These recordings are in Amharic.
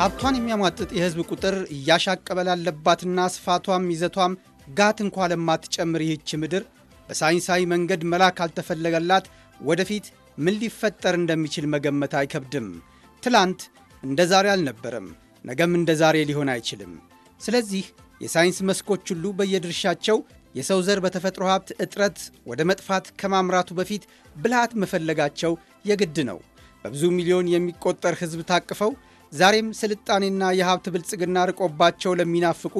ሀብቷን የሚያሟጥጥ የህዝብ ቁጥር እያሻቀበ ላለባትና ስፋቷም ይዘቷም ጋት እንኳ ለማትጨምር ይህች ምድር በሳይንሳዊ መንገድ መላ ካልተፈለገላት ወደፊት ምን ሊፈጠር እንደሚችል መገመት አይከብድም። ትላንት እንደ ዛሬ አልነበረም፣ ነገም እንደ ዛሬ ሊሆን አይችልም። ስለዚህ የሳይንስ መስኮች ሁሉ በየድርሻቸው የሰው ዘር በተፈጥሮ ሀብት እጥረት ወደ መጥፋት ከማምራቱ በፊት ብልሃት መፈለጋቸው የግድ ነው። በብዙ ሚሊዮን የሚቆጠር ህዝብ ታቅፈው ዛሬም ስልጣኔና የሀብት ብልጽግና ርቆባቸው ለሚናፍቁ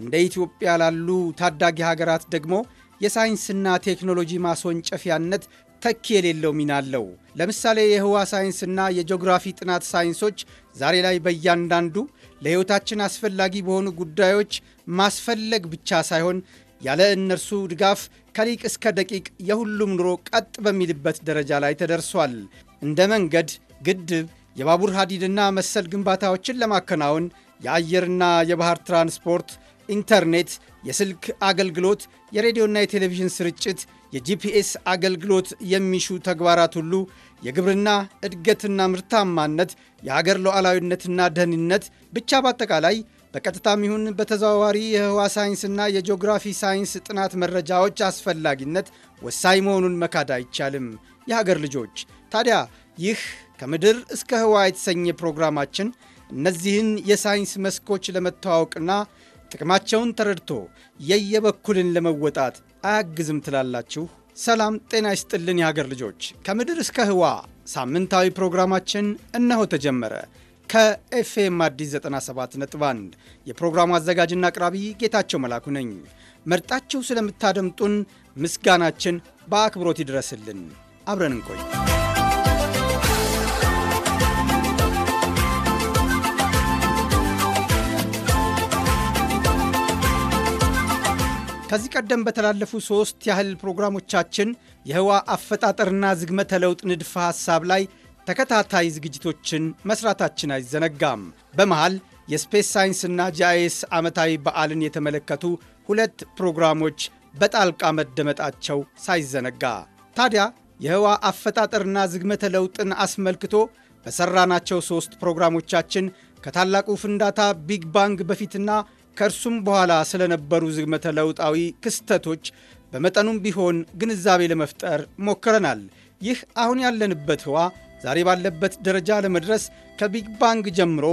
እንደ ኢትዮጵያ ላሉ ታዳጊ ሀገራት ደግሞ የሳይንስና ቴክኖሎጂ ማስወንጨፊያነት ተኪ የሌለው ሚና አለው። ለምሳሌ የህዋ ሳይንስና የጂኦግራፊ ጥናት ሳይንሶች ዛሬ ላይ በእያንዳንዱ ለሕይወታችን አስፈላጊ በሆኑ ጉዳዮች ማስፈለግ ብቻ ሳይሆን ያለ እነርሱ ድጋፍ ከሊቅ እስከ ደቂቅ የሁሉም ኑሮ ቀጥ በሚልበት ደረጃ ላይ ተደርሷል። እንደ መንገድ፣ ግድብ የባቡር ሀዲድና መሰል ግንባታዎችን ለማከናወን የአየርና የባህር ትራንስፖርት፣ ኢንተርኔት፣ የስልክ አገልግሎት፣ የሬዲዮና የቴሌቪዥን ስርጭት፣ የጂፒኤስ አገልግሎት የሚሹ ተግባራት ሁሉ የግብርና እድገትና ምርታማነት፣ የሀገር ሉዓላዊነትና ደህንነት ብቻ በአጠቃላይ በቀጥታም ይሁን በተዘዋዋሪ የህዋ ሳይንስና የጂኦግራፊ ሳይንስ ጥናት መረጃዎች አስፈላጊነት ወሳኝ መሆኑን መካድ አይቻልም። የሀገር ልጆች ታዲያ ይህ ከምድር እስከ ህዋ የተሰኘ ፕሮግራማችን እነዚህን የሳይንስ መስኮች ለመተዋወቅና ጥቅማቸውን ተረድቶ የየበኩልን ለመወጣት አያግዝም ትላላችሁ? ሰላም ጤና ይስጥልን የሀገር ልጆች። ከምድር እስከ ህዋ ሳምንታዊ ፕሮግራማችን እነሆ ተጀመረ። ከኤፍኤም አዲስ 97.1 የፕሮግራሙ አዘጋጅና አቅራቢ ጌታቸው መላኩ ነኝ። መርጣችሁ ስለምታደምጡን ምስጋናችን በአክብሮት ይድረስልን። አብረን እንቆይ። ከዚህ ቀደም በተላለፉ ሶስት ያህል ፕሮግራሞቻችን የህዋ አፈጣጠርና ዝግመተ ለውጥ ንድፈ ሐሳብ ላይ ተከታታይ ዝግጅቶችን መስራታችን አይዘነጋም። በመሃል የስፔስ ሳይንስና ጂአይኤስ ዓመታዊ በዓልን የተመለከቱ ሁለት ፕሮግራሞች በጣልቃ መደመጣቸው ሳይዘነጋ ታዲያ የህዋ አፈጣጠርና ዝግመተ ለውጥን አስመልክቶ በሠራናቸው ሦስት ፕሮግራሞቻችን ከታላቁ ፍንዳታ ቢግ ባንግ በፊትና ከእርሱም በኋላ ስለነበሩ ዝግመተ ለውጣዊ ክስተቶች በመጠኑም ቢሆን ግንዛቤ ለመፍጠር ሞክረናል። ይህ አሁን ያለንበት ህዋ ዛሬ ባለበት ደረጃ ለመድረስ ከቢግ ባንግ ጀምሮ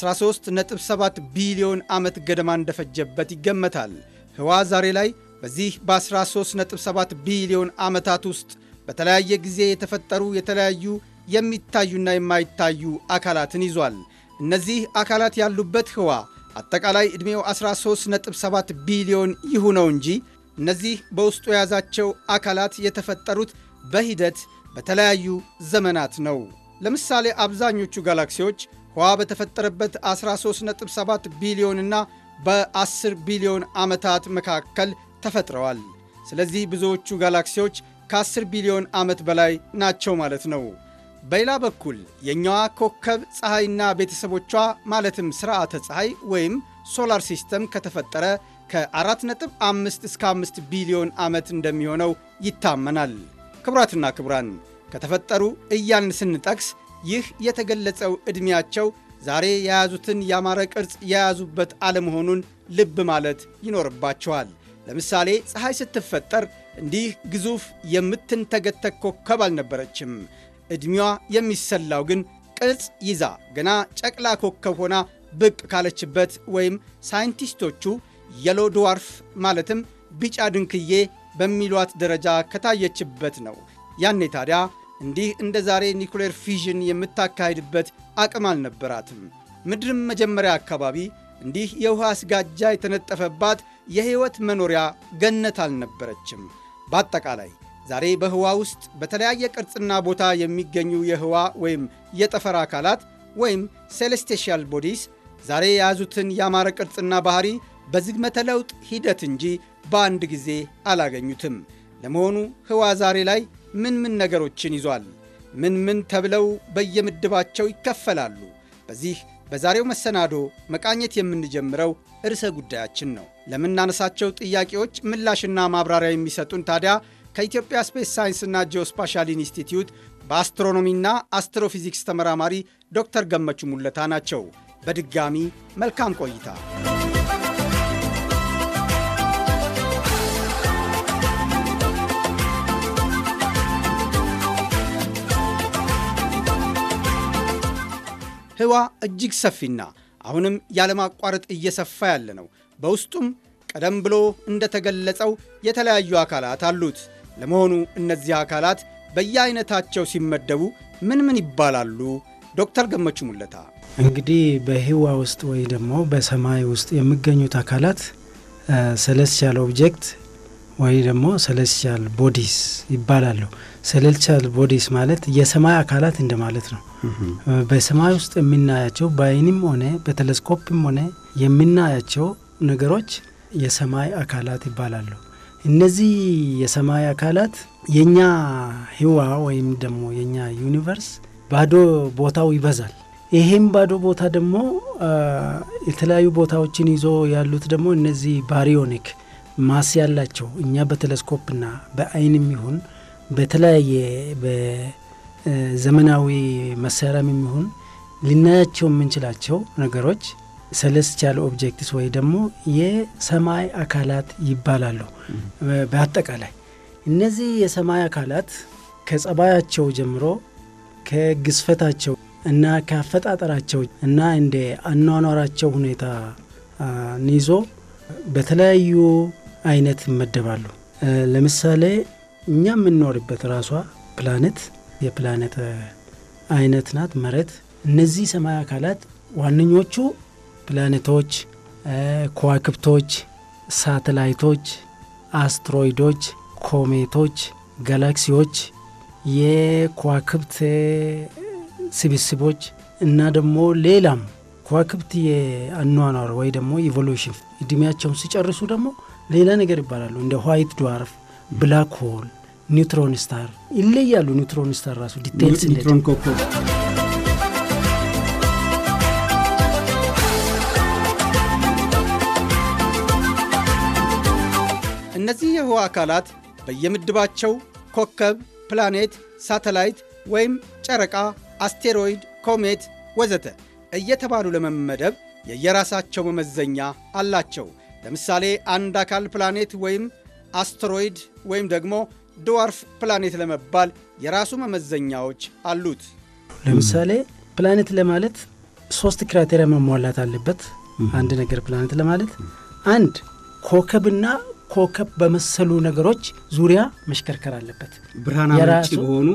13.7 ቢሊዮን ዓመት ገደማ እንደፈጀበት ይገመታል። ህዋ ዛሬ ላይ በዚህ በ13.7 ቢሊዮን ዓመታት ውስጥ በተለያየ ጊዜ የተፈጠሩ የተለያዩ የሚታዩና የማይታዩ አካላትን ይዟል። እነዚህ አካላት ያሉበት ህዋ አጠቃላይ ዕድሜው 13.7 ቢሊዮን ይሁነው እንጂ እነዚህ በውስጡ የያዛቸው አካላት የተፈጠሩት በሂደት በተለያዩ ዘመናት ነው። ለምሳሌ አብዛኞቹ ጋላክሲዎች ህዋ በተፈጠረበት 13.7 ቢሊዮንና በ10 ቢሊዮን ዓመታት መካከል ተፈጥረዋል። ስለዚህ ብዙዎቹ ጋላክሲዎች ከ10 ቢሊዮን ዓመት በላይ ናቸው ማለት ነው። በሌላ በኩል የእኛዋ ኮከብ ፀሐይና ቤተሰቦቿ ማለትም ስርዓተ ፀሐይ ወይም ሶላር ሲስተም ከተፈጠረ ከ4.5 እስከ 5 ቢሊዮን ዓመት እንደሚሆነው ይታመናል። ክቡራትና ክቡራን ከተፈጠሩ እያልን ስንጠቅስ ይህ የተገለጸው ዕድሜያቸው ዛሬ የያዙትን ያማረ ቅርጽ የያዙበት አለመሆኑን ልብ ማለት ይኖርባቸዋል። ለምሳሌ ፀሐይ ስትፈጠር እንዲህ ግዙፍ የምትንተገተግ ኮከብ አልነበረችም። ዕድሜዋ የሚሰላው ግን ቅርጽ ይዛ ገና ጨቅላ ኮከብ ሆና ብቅ ካለችበት ወይም ሳይንቲስቶቹ የሎ ድዋርፍ ማለትም ቢጫ ድንክዬ በሚሏት ደረጃ ከታየችበት ነው። ያኔ ታዲያ እንዲህ እንደ ዛሬ ኒኩሌር ፊዥን የምታካሂድበት አቅም አልነበራትም። ምድርም መጀመሪያ አካባቢ እንዲህ የውሃ አስጋጃ የተነጠፈባት የሕይወት መኖሪያ ገነት አልነበረችም። በአጠቃላይ ዛሬ በህዋ ውስጥ በተለያየ ቅርጽና ቦታ የሚገኙ የህዋ ወይም የጠፈር አካላት ወይም ሴሌስቴሻል ቦዲስ ዛሬ የያዙትን ያማረ ቅርጽና ባህሪ በዝግመተ ለውጥ ሂደት እንጂ በአንድ ጊዜ አላገኙትም። ለመሆኑ ህዋ ዛሬ ላይ ምን ምን ነገሮችን ይዟል? ምን ምን ተብለው በየምድባቸው ይከፈላሉ? በዚህ በዛሬው መሰናዶ መቃኘት የምንጀምረው ርዕሰ ጉዳያችን ነው። ለምናነሳቸው ጥያቄዎች ምላሽና ማብራሪያ የሚሰጡን ታዲያ ከኢትዮጵያ ስፔስ ሳይንስና ጂኦስፓሻል ኢንስቲትዩት በአስትሮኖሚና አስትሮፊዚክስ ተመራማሪ ዶክተር ገመቹ ሙለታ ናቸው። በድጋሚ መልካም ቆይታ። ህዋ እጅግ ሰፊና አሁንም ያለማቋረጥ እየሰፋ ያለ ነው። በውስጡም ቀደም ብሎ እንደተገለጸው የተለያዩ አካላት አሉት። ለመሆኑ እነዚህ አካላት በየአይነታቸው ሲመደቡ ምን ምን ይባላሉ? ዶክተር ገመቹ ሙለታ እንግዲህ በህዋ ውስጥ ወይ ደግሞ በሰማይ ውስጥ የሚገኙት አካላት ሴሌስቲያል ኦብጀክት ወይ ደግሞ ሴሌስቲያል ቦዲስ ይባላሉ። ሴሌስቲያል ቦዲስ ማለት የሰማይ አካላት እንደማለት ነው። በሰማይ ውስጥ የምናያቸው በአይንም ሆነ በቴሌስኮፕም ሆነ የምናያቸው ነገሮች የሰማይ አካላት ይባላሉ። እነዚህ የሰማይ አካላት የእኛ ህዋ ወይም ደግሞ የእኛ ዩኒቨርስ ባዶ ቦታው ይበዛል። ይሄም ባዶ ቦታ ደግሞ የተለያዩ ቦታዎችን ይዞ ያሉት ደግሞ እነዚህ ባሪዮኒክ ማስ ያላቸው እኛ በቴሌስኮፕና በአይንም ይሁን በተለያየ በዘመናዊ መሳሪያም ይሁን ልናያቸው የምንችላቸው ነገሮች ሰለስቻል ኦብጀክትስ ወይ ደግሞ የሰማይ አካላት ይባላሉ። በአጠቃላይ እነዚህ የሰማይ አካላት ከጸባያቸው ጀምሮ ከግዝፈታቸው እና ከአፈጣጠራቸው እና እንደ አኗኗራቸው ሁኔታ ይዞ በተለያዩ አይነት ይመደባሉ። ለምሳሌ እኛ የምንኖርበት ራሷ ፕላኔት የፕላኔት አይነት ናት መሬት። እነዚህ ሰማይ አካላት ዋነኞቹ ፕላኔቶች፣ ከዋክብቶች፣ ሳተላይቶች፣ አስትሮይዶች፣ ኮሜቶች፣ ጋላክሲዎች፣ የከዋክብት ስብስቦች እና ደግሞ ሌላም ከዋክብት የአኗኗር ወይ ደግሞ ኢቮሉሽን እድሜያቸውን ሲጨርሱ ደግሞ ሌላ ነገር ይባላሉ። እንደ ዋይት ድዋርፍ፣ ብላክ ሆል፣ ኒውትሮን ስታር ይለያሉ። ኒውትሮን ስታር ራሱ ዲቴልስ እነዚህ የህዋ አካላት በየምድባቸው ኮከብ፣ ፕላኔት፣ ሳተላይት ወይም ጨረቃ፣ አስቴሮይድ፣ ኮሜት ወዘተ እየተባሉ ለመመደብ የየራሳቸው መመዘኛ አላቸው። ለምሳሌ አንድ አካል ፕላኔት ወይም አስትሮይድ ወይም ደግሞ ድዋርፍ ፕላኔት ለመባል የራሱ መመዘኛዎች አሉት። ለምሳሌ ፕላኔት ለማለት ሶስት ክራቴሪያ መሟላት አለበት። አንድ ነገር ፕላኔት ለማለት አንድ ኮከብና ኮከብ በመሰሉ ነገሮች ዙሪያ መሽከርከር አለበት። ብርሃን በሆኑ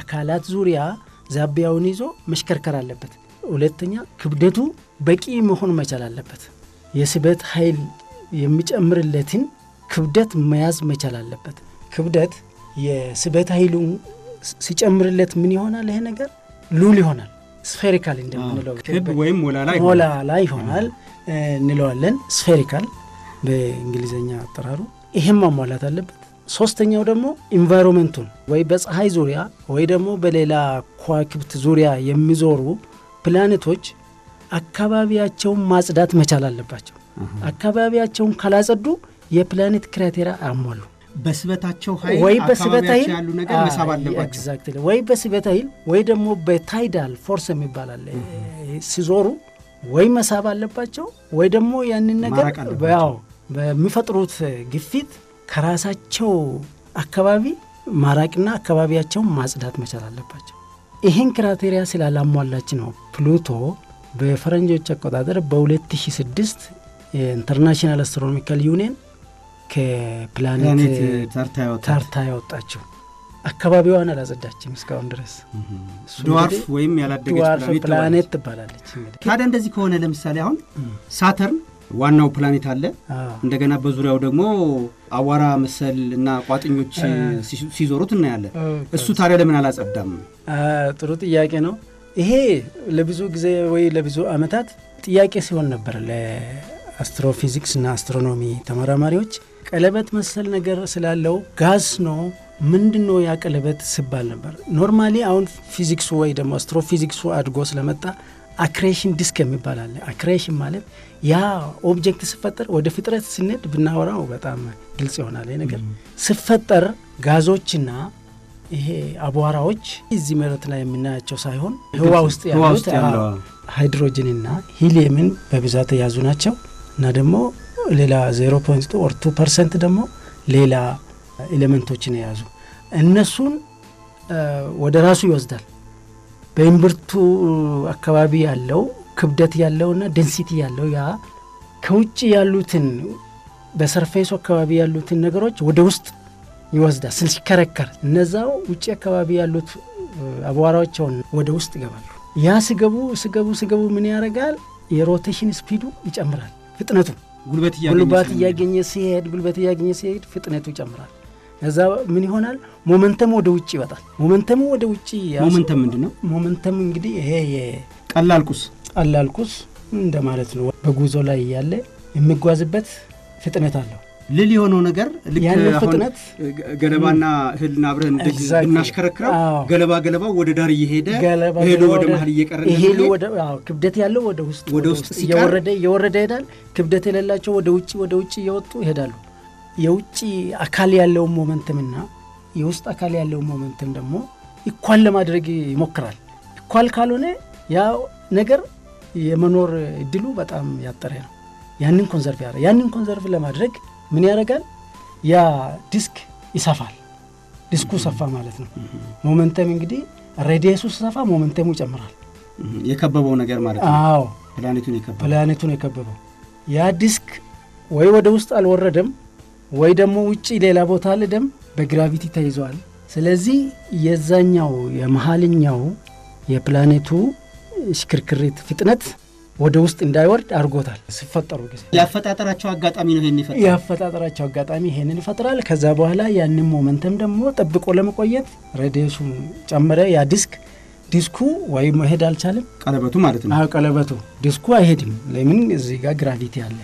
አካላት ዙሪያ ዛቢያውን ይዞ መሽከርከር አለበት። ሁለተኛ ክብደቱ በቂ መሆን መቻል አለበት። የስበት ኃይል የሚጨምርለትን ክብደት መያዝ መቻል አለበት። ክብደት የስበት ኃይሉ ሲጨምርለት ምን ይሆናል? ይሄ ነገር ሉል ይሆናል። ስፌሪካል እንደምንለው ወይም ሞላላ ይሆናል እንለዋለን። ስፌሪካል በእንግሊዝኛ አጠራሩ ይህም ማሟላት አለበት። ሶስተኛው ደግሞ ኢንቫይሮንመንቱን ወይ በፀሐይ ዙሪያ ወይ ደግሞ በሌላ ከዋክብት ዙሪያ የሚዞሩ ፕላኔቶች አካባቢያቸውን ማጽዳት መቻል አለባቸው። አካባቢያቸውን ካላጸዱ የፕላኔት ክራቴራ አያሟሉ። በስበታቸው ኃይል ወይ በስበት ኃይል ያሉ ነገር መሳብ አለባቸው። ወይ በስበት ኃይል ወይ ደግሞ በታይዳል ፎርስ የሚባል አለ። ሲዞሩ ወይ መሳብ አለባቸው ወይ ደግሞ ያንን ነገር ያው በሚፈጥሩት ግፊት ከራሳቸው አካባቢ ማራቅና አካባቢያቸውን ማጽዳት መቻል አለባቸው። ይህን ክራቴሪያ ስላላሟላች ነው ፕሉቶ በፈረንጆች አቆጣጠር በ2006 የኢንተርናሽናል አስትሮኖሚካል ዩኒየን ከፕላኔት ታርታ ያወጣችው። አካባቢዋን አላጸዳችም እስካሁን ድረስ። ድዋርፍ ወይም ያላደገች ፕላኔት ትባላለች። ታዲያ እንደዚህ ከሆነ ለምሳሌ አሁን ሳተርን ዋናው ፕላኔት አለ። እንደገና በዙሪያው ደግሞ አዋራ መሰል እና ቋጥኞች ሲዞሩት እናያለን። እሱ ታዲያ ለምን አላጸዳም? ጥሩ ጥያቄ ነው። ይሄ ለብዙ ጊዜ ወይ ለብዙ አመታት ጥያቄ ሲሆን ነበር ለአስትሮፊዚክስ እና አስትሮኖሚ ተመራማሪዎች። ቀለበት መሰል ነገር ስላለው ጋዝ ነው ምንድን ነው ያ ቀለበት ስባል ነበር። ኖርማሊ አሁን ፊዚክሱ ወይ ደግሞ አስትሮፊዚክሱ አድጎ ስለመጣ አክሬሽን ዲስክ የሚባል አለ። አክሬሽን ማለት ያ ኦብጀክት ስፈጠር ወደ ፍጥረት ስንሄድ ብናወራው በጣም ግልጽ ይሆናል። ነገር ስፈጠር ጋዞችና ይሄ አቧራዎች እዚህ መሬት ላይ የምናያቸው ሳይሆን ህዋ ውስጥ ያሉት ሃይድሮጅንና ሂሊየምን በብዛት የያዙ ናቸው እና ደግሞ ሌላ 0.2 ኦር 2 ፐርሰንት ደግሞ ሌላ ኤሌመንቶችን የያዙ እነሱን ወደ ራሱ ይወስዳል። በእምብርቱ አካባቢ ያለው ክብደት ያለውና ደንሲቲ ያለው ያ ከውጭ ያሉትን በሰርፌሱ አካባቢ ያሉትን ነገሮች ወደ ውስጥ ይወስዳል ሲከረከር እነዛው ውጭ አካባቢ ያሉት አቧራዎቸውን ወደ ውስጥ ይገባሉ። ያ ስገቡ ስገቡ ስገቡ ምን ያደርጋል? የሮቴሽን ስፒዱ ይጨምራል። ፍጥነቱ ጉልበት እያገኘ ሲሄድ ጉልበት እያገኘ ሲሄድ ፍጥነቱ ይጨምራል። እዛ ምን ይሆናል? ሞመንተም ወደ ውጭ ይወጣል። ሞመንተም ወደ ውጭ ሞመንተም ምንድ ነው? ሞመንተም እንግዲህ ይሄ ቀላል ቁስ ቀላል ቁስ እንደማለት ነው። በጉዞ ላይ እያለ የሚጓዝበት ፍጥነት አለው። ልል የሆነው ነገር ያንን ፍጥነት ገለባና እህልና አብረን እናሽከረክረው ገለባ ገለባው ወደ ዳር እየሄደ ሄዶ ወደ መሀል እየቀረ ክብደት ያለው ወደ ውስጥ ወደ ውስጥ እየወረደ ይሄዳል። ክብደት የሌላቸው ወደ ውጭ ወደ ውጭ እየወጡ ይሄዳሉ። የውጭ አካል ያለውን ሞመንትምና የውስጥ አካል ያለውን ሞመንትም ደግሞ ይኳል ለማድረግ ይሞክራል። ኢኳል ካልሆነ ያ ነገር የመኖር እድሉ በጣም ያጠረ ነው። ያንን ኮንዘርቭ ያረ ያንን ኮንዘርቭ ለማድረግ ምን ያደርጋል? ያ ዲስክ ይሰፋል። ዲስኩ ሰፋ ማለት ነው። ሞመንተም እንግዲህ ሬዲየሱ ሰፋ፣ ሞመንተሙ ይጨምራል። የከበበው ነገር ማለት ነው። አዎ ፕላኔቱን የከበበው ያ ዲስክ ወይ ወደ ውስጥ አልወረደም ወይ ደግሞ ውጭ ሌላ ቦታ ደም በግራቪቲ ተይዟል። ስለዚህ የዛኛው የመሀልኛው የፕላኔቱ ሽክርክሪት ፍጥነት ወደ ውስጥ እንዳይወርድ አድርጎታል። ሲፈጠሩ ጊዜ ያፈጣጠራቸው አጋጣሚ ነው ይሄን ይፈጥራል። ያፈጣጠራቸው አጋጣሚ ይሄንን ይፈጥራል። ከዛ በኋላ ያንን ሞመንተም ደግሞ ጠብቆ ለመቆየት ሬዲሽን ጨምረ ያ ዲስክ ዲስኩ ወይ መሄድ አልቻለም። ቀለበቱ ማለት ነው። ቀለበቱ ዲስኩ አይሄድም። ለምን? እዚህ ጋር ግራቪቲ አለ።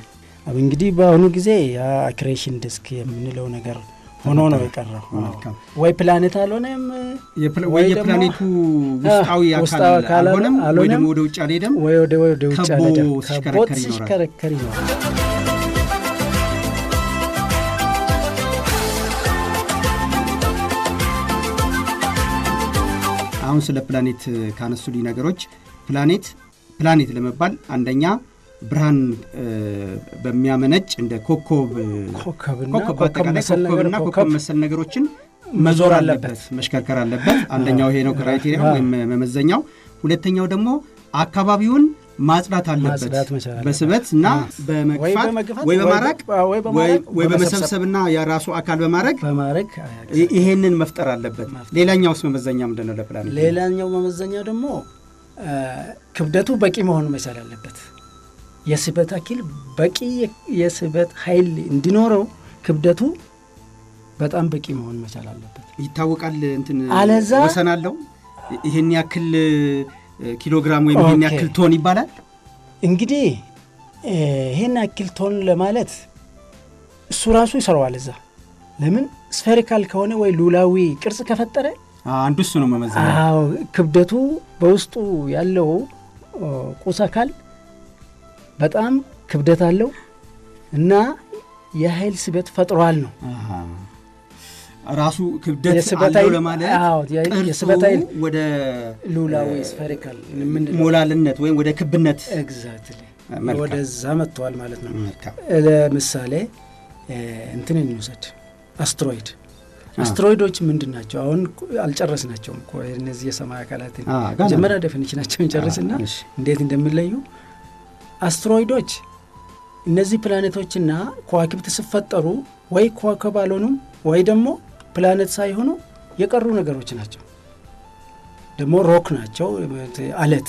እንግዲህ በአሁኑ ጊዜ አክሬሽን ዲስክ የምንለው ነገር ሆኖ ነው የቀረው። ወይ ፕላኔት አልሆነም፣ ወይ የፕላኔቱ ውስጣዊ አካል አልሆነም፣ ወይ ደግሞ ወደ ውጭ አልሄደም፣ ወይ ወደ ወደ ውጭ አልሄደም፣ ከቦ ሲሽከረከር ይኖራል። አሁን ስለ ፕላኔት ካነሱልኝ ነገሮች ፕላኔት ፕላኔት ለመባል አንደኛ ብርሃን በሚያመነጭ እንደ ኮከብ ኮከብና ኮከብ መሰል ነገሮችን መዞር አለበት፣ መሽከርከር አለበት። አንደኛው ይሄ ነው ክራይቴሪያ ወይም መመዘኛው። ሁለተኛው ደግሞ አካባቢውን ማጽዳት አለበት በስበት እና በመግፋት ወይ በማራቅ ወይ በመሰብሰብና የራሱ አካል በማድረግ ይሄንን መፍጠር አለበት። ሌላኛውስ መመዘኛ ምንድነው? ነው? ለፕላኔት ሌላኛው መመዘኛ ደግሞ ክብደቱ በቂ መሆኑ መቻል አለበት። የስበት አኪል በቂ የስበት ኃይል እንዲኖረው ክብደቱ በጣም በቂ መሆን መቻል አለበት። ይታወቃል እንትን አለዛ ወሰናለው ይህን ያክል ኪሎግራም ወይም ይህን ያክል ቶን ይባላል። እንግዲህ ይህን ያክል ቶን ለማለት እሱ ራሱ ይሰራዋል። እዛ ለምን ስፌሪካል ከሆነ ወይ ሉላዊ ቅርጽ ከፈጠረ አንዱ እሱ ነው መመዘ ክብደቱ በውስጡ ያለው ቁስ አካል በጣም ክብደት አለው እና የኃይል ስበት ፈጥሯል ነው ራሱ ክብደት አለው ለማለት ቅርጹ ወደ ሉላዊ ስፈሪካል ሞላልነት ወይም ወደ ክብነት ኤግዛክትሊ ወደዛ መጥተዋል ማለት ነው። ለምሳሌ እንትን እንውሰድ አስትሮይድ። አስትሮይዶች ምንድን ናቸው? አሁን አልጨረስ እኮ እነዚህ የሰማይ አካላትን መጀመሪያ ዴፊኒሽናቸውን ጨርስና እንዴት እንደሚለዩ አስትሮይዶች እነዚህ ፕላኔቶችና ከዋክብት ሲፈጠሩ ወይ ከዋክብ አልሆኑም ወይ ደግሞ ፕላኔት ሳይሆኑ የቀሩ ነገሮች ናቸው። ደግሞ ሮክ ናቸው፣ አለት።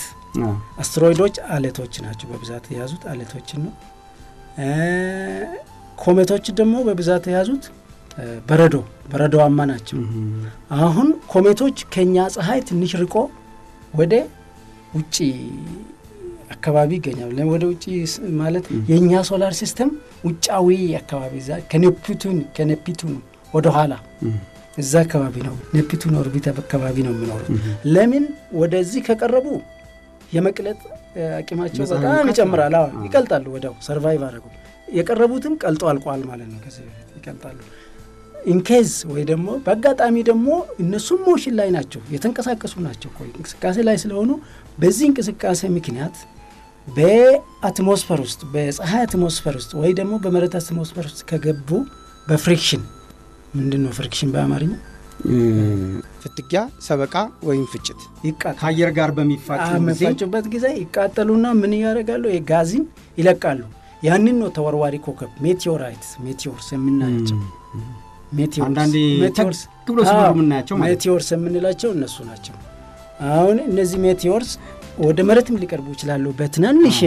አስትሮይዶች አለቶች ናቸው። በብዛት የያዙት አለቶችን ነው። ኮሜቶች ደግሞ በብዛት የያዙት በረዶ በረዶዋማ ናቸው። አሁን ኮሜቶች ከእኛ ፀሐይ ትንሽ ርቆ ወደ ውጭ አካባቢ ይገኛሉ። ወደ ውጭ ማለት የእኛ ሶላር ሲስተም ውጫዊ አካባቢ ከኔፕቱን ከኔፕቱን ወደኋላ እዛ አካባቢ ነው። ኔፕቱን ኦርቢት አካባቢ ነው የሚኖሩት። ለምን ወደዚህ ከቀረቡ የመቅለጥ አቂማቸው በጣም ይጨምራል። ይቀልጣሉ፣ ወደው ሰርቫይቭ አደረጉ። የቀረቡትም ቀልጦ አልቋል ማለት ነው። ከዚህ በፊት ይቀልጣሉ። ኢንኬዝ ወይ ደግሞ በአጋጣሚ ደግሞ እነሱም ሞሽን ላይ ናቸው፣ የተንቀሳቀሱ ናቸው፣ እንቅስቃሴ ላይ ስለሆኑ በዚህ እንቅስቃሴ ምክንያት በአትሞስፈር ውስጥ በፀሐይ አትሞስፈር ውስጥ ወይ ደግሞ በመሬት አትሞስፈር ውስጥ ከገቡ በፍሪክሽን ምንድን ነው ፍሪክሽን በአማርኛ ፍትጊያ፣ ሰበቃ ወይም ፍጭት ከአየር ጋር በሚፋጩበት ጊዜ ይቃጠሉና ምን እያደረጋሉ ጋዝን ይለቃሉ። ያንን ነው ተወርዋሪ ኮከብ ሜቴዎራይት ሜቴዎርስ የምናያቸው ሜቴዎርስ የምንላቸው እነሱ ናቸው። አሁን እነዚህ ሜቴዎርስ ወደ መሬትም ሊቀርቡ ይችላሉ። በትናንሽ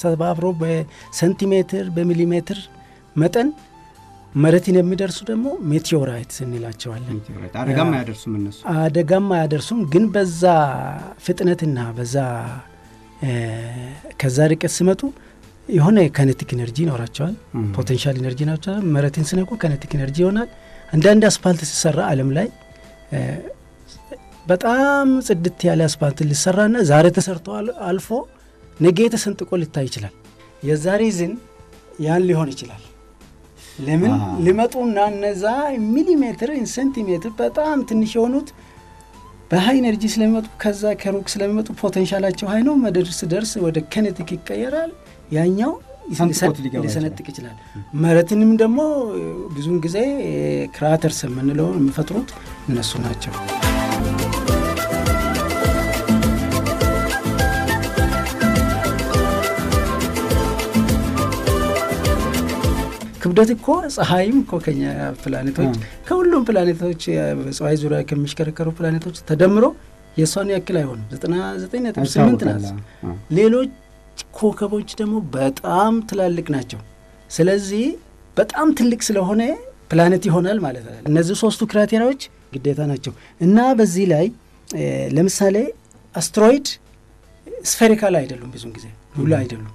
ሲሰባብሮ በሴንቲሜትር በሚሊሜትር መጠን መሬትን የሚደርሱ ደግሞ ሜቴዎራይት እንላቸዋለን። አደጋም አያደርሱም እነሱ አደጋም አያደርሱም፣ ግን በዛ ፍጥነትና በዛ ከዛ ርቀት ሲመጡ የሆነ ከነቲክ ኢነርጂ ይኖራቸዋል፣ ፖቴንሻል ኢነርጂ ናቸዋል። መሬትን ስነኩ ከነቲክ ኤነርጂ ይሆናል። አንዳንድ አስፓልት ሲሰራ አለም ላይ በጣም ጽድት ያለ አስፓልት ሊሰራና ዛሬ ተሰርቶ አልፎ ነገ ተሰንጥቆ ሊታይ ይችላል። የዛሬ ዝን ያን ሊሆን ይችላል። ለምን ሊመጡና እነዛ ሚሊሜትር ሴንቲሜትር በጣም ትንሽ የሆኑት በሀይ ኤነርጂ ስለሚመጡ ከዛ ከሩቅ ስለሚመጡ ፖቴንሻላቸው ሀይ ነው። መደርስ ደርስ ወደ ከነቲክ ይቀየራል። ያኛው ሊሰነጥቅ ይችላል። መሬትንም ደግሞ ብዙውን ጊዜ ክራተርስ የምንለውን የሚፈጥሩት እነሱ ናቸው። ክብደት እኮ ፀሐይም እኮ ከኛ ፕላኔቶች ከሁሉም ፕላኔቶች ፀሐይ ዙሪያ ከሚሽከረከሩ ፕላኔቶች ተደምሮ የእሷን ያክል አይሆንም። ዘጠና ዘጠኝ ነጥብ ስምንት ናት። ሌሎች ኮከቦች ደግሞ በጣም ትላልቅ ናቸው። ስለዚህ በጣም ትልቅ ስለሆነ ፕላኔት ይሆናል ማለት ነው። እነዚህ ሶስቱ ክራቴራዎች ግዴታ ናቸው እና በዚህ ላይ ለምሳሌ አስትሮይድ ስፌሪካል አይደሉም፣ ብዙን ጊዜ ሁሉ አይደሉም።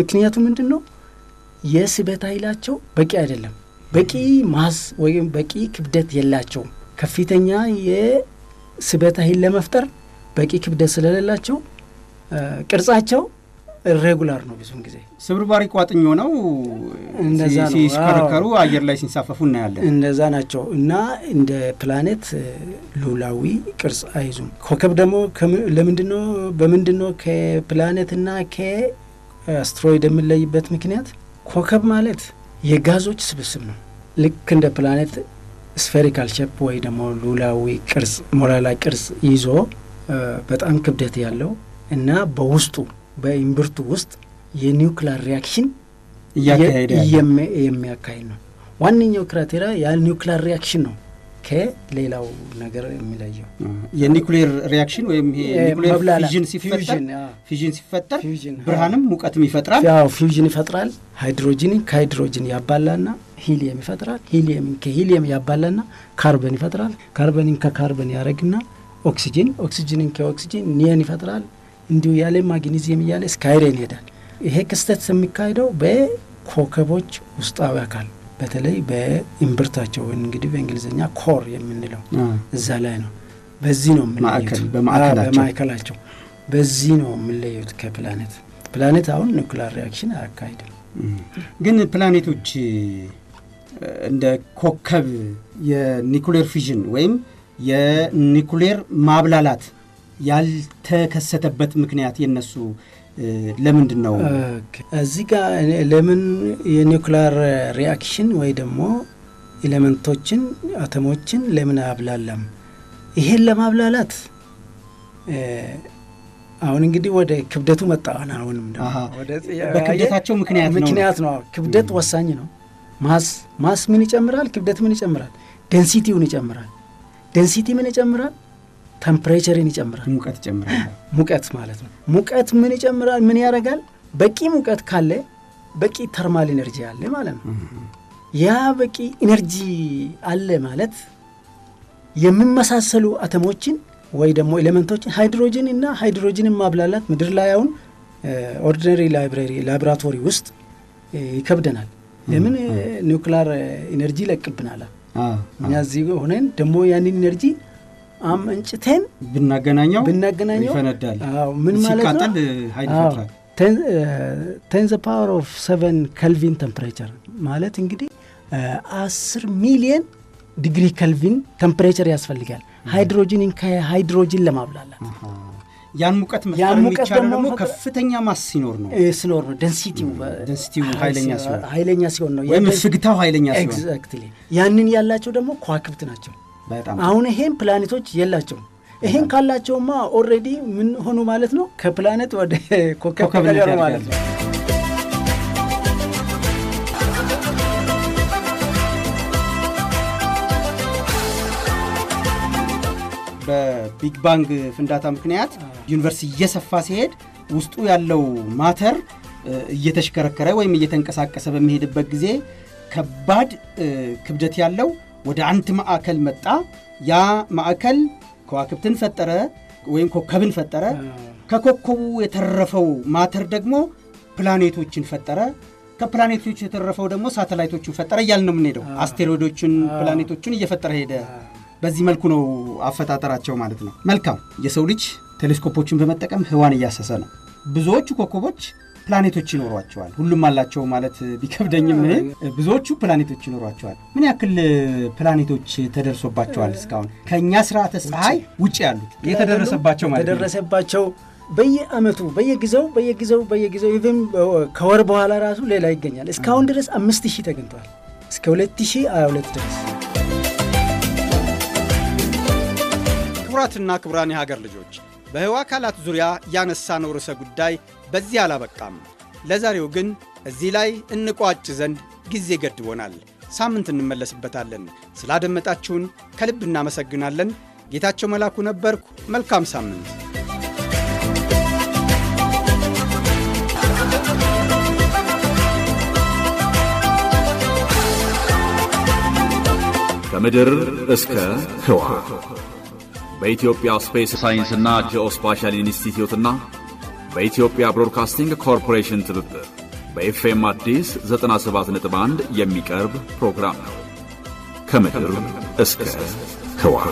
ምክንያቱ ምንድን ነው? የስበት ኃይላቸው በቂ አይደለም። በቂ ማስ ወይም በቂ ክብደት የላቸውም። ከፍተኛ የስበት ኃይል ለመፍጠር በቂ ክብደት ስለሌላቸው ቅርጻቸው ሬጉላር ነው። ብዙን ጊዜ ስብርባሪ ቋጥኞ ነው ሲሽከረከሩ አየር ላይ ሲንሳፈፉ እናያለን። እንደዛ ናቸው እና እንደ ፕላኔት ሉላዊ ቅርጽ አይዙም። ኮከብ ደግሞ ለምንድነው በምንድነው ከፕላኔትና ከአስትሮይድ የምንለይበት ምክንያት ኮከብ ማለት የጋዞች ስብስብ ነው። ልክ እንደ ፕላኔት ስፌሪካል ሸፕ ወይ ደግሞ ሉላዊ ቅርጽ ሞላላ ቅርጽ ይዞ በጣም ክብደት ያለው እና በውስጡ በኢምብርቱ ውስጥ የኒውክሊር ሪያክሽን እያካሄደ የሚያካሄድ ነው። ዋነኛው ክራቴራ ያ ኒውክሊር ሪያክሽን ነው። ከሌላው ነገር የሚለየው የኒኩሌር ሪያክሽን ወይም ኒኩሌር ፊዥን ሲፈጠር ብርሃንም ሙቀትም ይፈጥራል። ያው ፊዥን ይፈጥራል። ሃይድሮጂን ከሃይድሮጂን ያባላና ሂሊየም ይፈጥራል። ሂሊየም ከሂሊየም ያባላና ካርበን ይፈጥራል። ካርበንን ከካርበን ያደረግና ኦክሲጂን ኦክሲጂንን ከኦክሲጂን ኒየን ይፈጥራል። እንዲሁ ያለ ማግኒዚየም እያለ እስከ አይረን ይሄዳል። ይሄ ክስተት የሚካሄደው በኮከቦች ውስጣዊ አካል በተለይ በእምብርታቸው እንግዲህ በእንግሊዝኛ ኮር የምንለው እዛ ላይ ነው። በዚህ ነው በማዕከላቸው በዚህ ነው የምንለዩት ከፕላኔት። ፕላኔት አሁን ኒኩላር ሪያክሽን አያካሂድም። ግን ፕላኔቶች እንደ ኮከብ የኒኩሌር ፊዥን ወይም የኒኩሌር ማብላላት ያልተከሰተበት ምክንያት የነሱ ለምንድን ነው እዚህ ጋር ለምን የኒውክሊር ሪያክሽን ወይ ደግሞ ኤሌመንቶችን አተሞችን ለምን አብላላም? ይሄን ለማብላላት አሁን እንግዲህ ወደ ክብደቱ መጣዋን። አሁንም በክብደታቸው ምክንያት ነው ክብደት ወሳኝ ነው። ማስ ማስ ምን ይጨምራል? ክብደት ምን ይጨምራል? ደንሲቲውን ይጨምራል። ደንሲቲ ምን ይጨምራል? ተምፕሬቸርን ይጨምራል። ሙቀት ይጨምራል። ሙቀት ማለት ነው። ሙቀት ምን ይጨምራል? ምን ያደርጋል? በቂ ሙቀት ካለ በቂ ተርማል ኢነርጂ አለ ማለት ነው። ያ በቂ ኢነርጂ አለ ማለት የሚመሳሰሉ አተሞችን ወይ ደግሞ ኤሌመንቶችን ሃይድሮጅን እና ሃይድሮጅንን ማብላላት ምድር ላይ አሁን ኦርዲነሪ ላይብራሪ ላቦራቶሪ ውስጥ ይከብደናል። ለምን ኒውክሊር ኢነርጂ ይለቅብናል። እኛ እዚህ ሆነን ደግሞ ያንን ኢነርጂ አመንጭተን ብናገናኘው ብናገናኘው ይፈነዳል። ምን ማለት ነው? ቴን ዘ ፓወር ኦፍ ሰቨን ከልቪን ተምፕሬቸር ማለት እንግዲህ አስር ሚሊየን ዲግሪ ከልቪን ተምፕሬቸር ያስፈልጋል ሃይድሮጂንን ከሃይድሮጂን ለማብላላት ያን ሙቀት መፍጠር የሚቻለው ደግሞ ከፍተኛ ማስ ሲኖር ነው ሲኖር ነው ደንሲቲው ደንሲቲው ኃይለኛ ሲሆን ኃይለኛ ሲሆን ነው ወይም ፍግታው ኃይለኛ ሲሆን ኤግዛክትሊ ያንን ያላቸው ደግሞ ከዋክብት ናቸው አሁን ይሄን ፕላኔቶች የላቸውም። ይሄን ካላቸውማ ኦሬዲ ምን ሆኑ ማለት ነው? ከፕላኔት ወደ ኮከብ ማለት ነው። በቢግ ባንግ ፍንዳታ ምክንያት ዩኒቨርስ እየሰፋ ሲሄድ ውስጡ ያለው ማተር እየተሽከረከረ ወይም እየተንቀሳቀሰ በሚሄድበት ጊዜ ከባድ ክብደት ያለው ወደ አንድ ማዕከል መጣ። ያ ማዕከል ከዋክብትን ፈጠረ ወይም ኮከብን ፈጠረ። ከኮከቡ የተረፈው ማተር ደግሞ ፕላኔቶችን ፈጠረ። ከፕላኔቶች የተረፈው ደግሞ ሳተላይቶችን ፈጠረ እያል ነው የምንሄደው። አስቴሮይዶችን፣ ፕላኔቶችን እየፈጠረ ሄደ። በዚህ መልኩ ነው አፈጣጠራቸው ማለት ነው። መልካም የሰው ልጅ ቴሌስኮፖችን በመጠቀም ህዋን እያሰሰ ነው። ብዙዎቹ ኮከቦች ፕላኔቶች ይኖሯቸዋል። ሁሉም አላቸው ማለት ቢከብደኝም እኔ ብዙዎቹ ፕላኔቶች ይኖሯቸዋል። ምን ያክል ፕላኔቶች ተደርሶባቸዋል? እስካሁን ከእኛ ስርዓተ ፀሐይ ውጭ ያሉት የተደረሰባቸው ማለት ተደረሰባቸው በየአመቱ በየጊዜው በየጊዜው በየጊዜው ኢቨን ከወር በኋላ ራሱ ሌላ ይገኛል። እስካሁን ድረስ አምስት ሺህ ተገኝተዋል እስከ 2022 ድረስ። ክቡራትና ክቡራን የሀገር ልጆች በህዋ አካላት ዙሪያ ያነሳነው ርዕሰ ጉዳይ በዚህ አላበቃም። ለዛሬው ግን እዚህ ላይ እንቋጭ ዘንድ ጊዜ ገድቦናል። ሳምንት እንመለስበታለን። ስላደመጣችሁን ከልብ እናመሰግናለን። ጌታቸው መላኩ ነበርኩ። መልካም ሳምንት። ከምድር እስከ ህዋ በኢትዮጵያ ስፔስ ሳይንስና ጂኦስፓሻል ኢንስቲትዩትና በኢትዮጵያ ብሮድካስቲንግ ኮርፖሬሽን ትብብር በኤፍኤም አዲስ 97.1 የሚቀርብ ፕሮግራም ነው። ከምድር እስከ ህዋ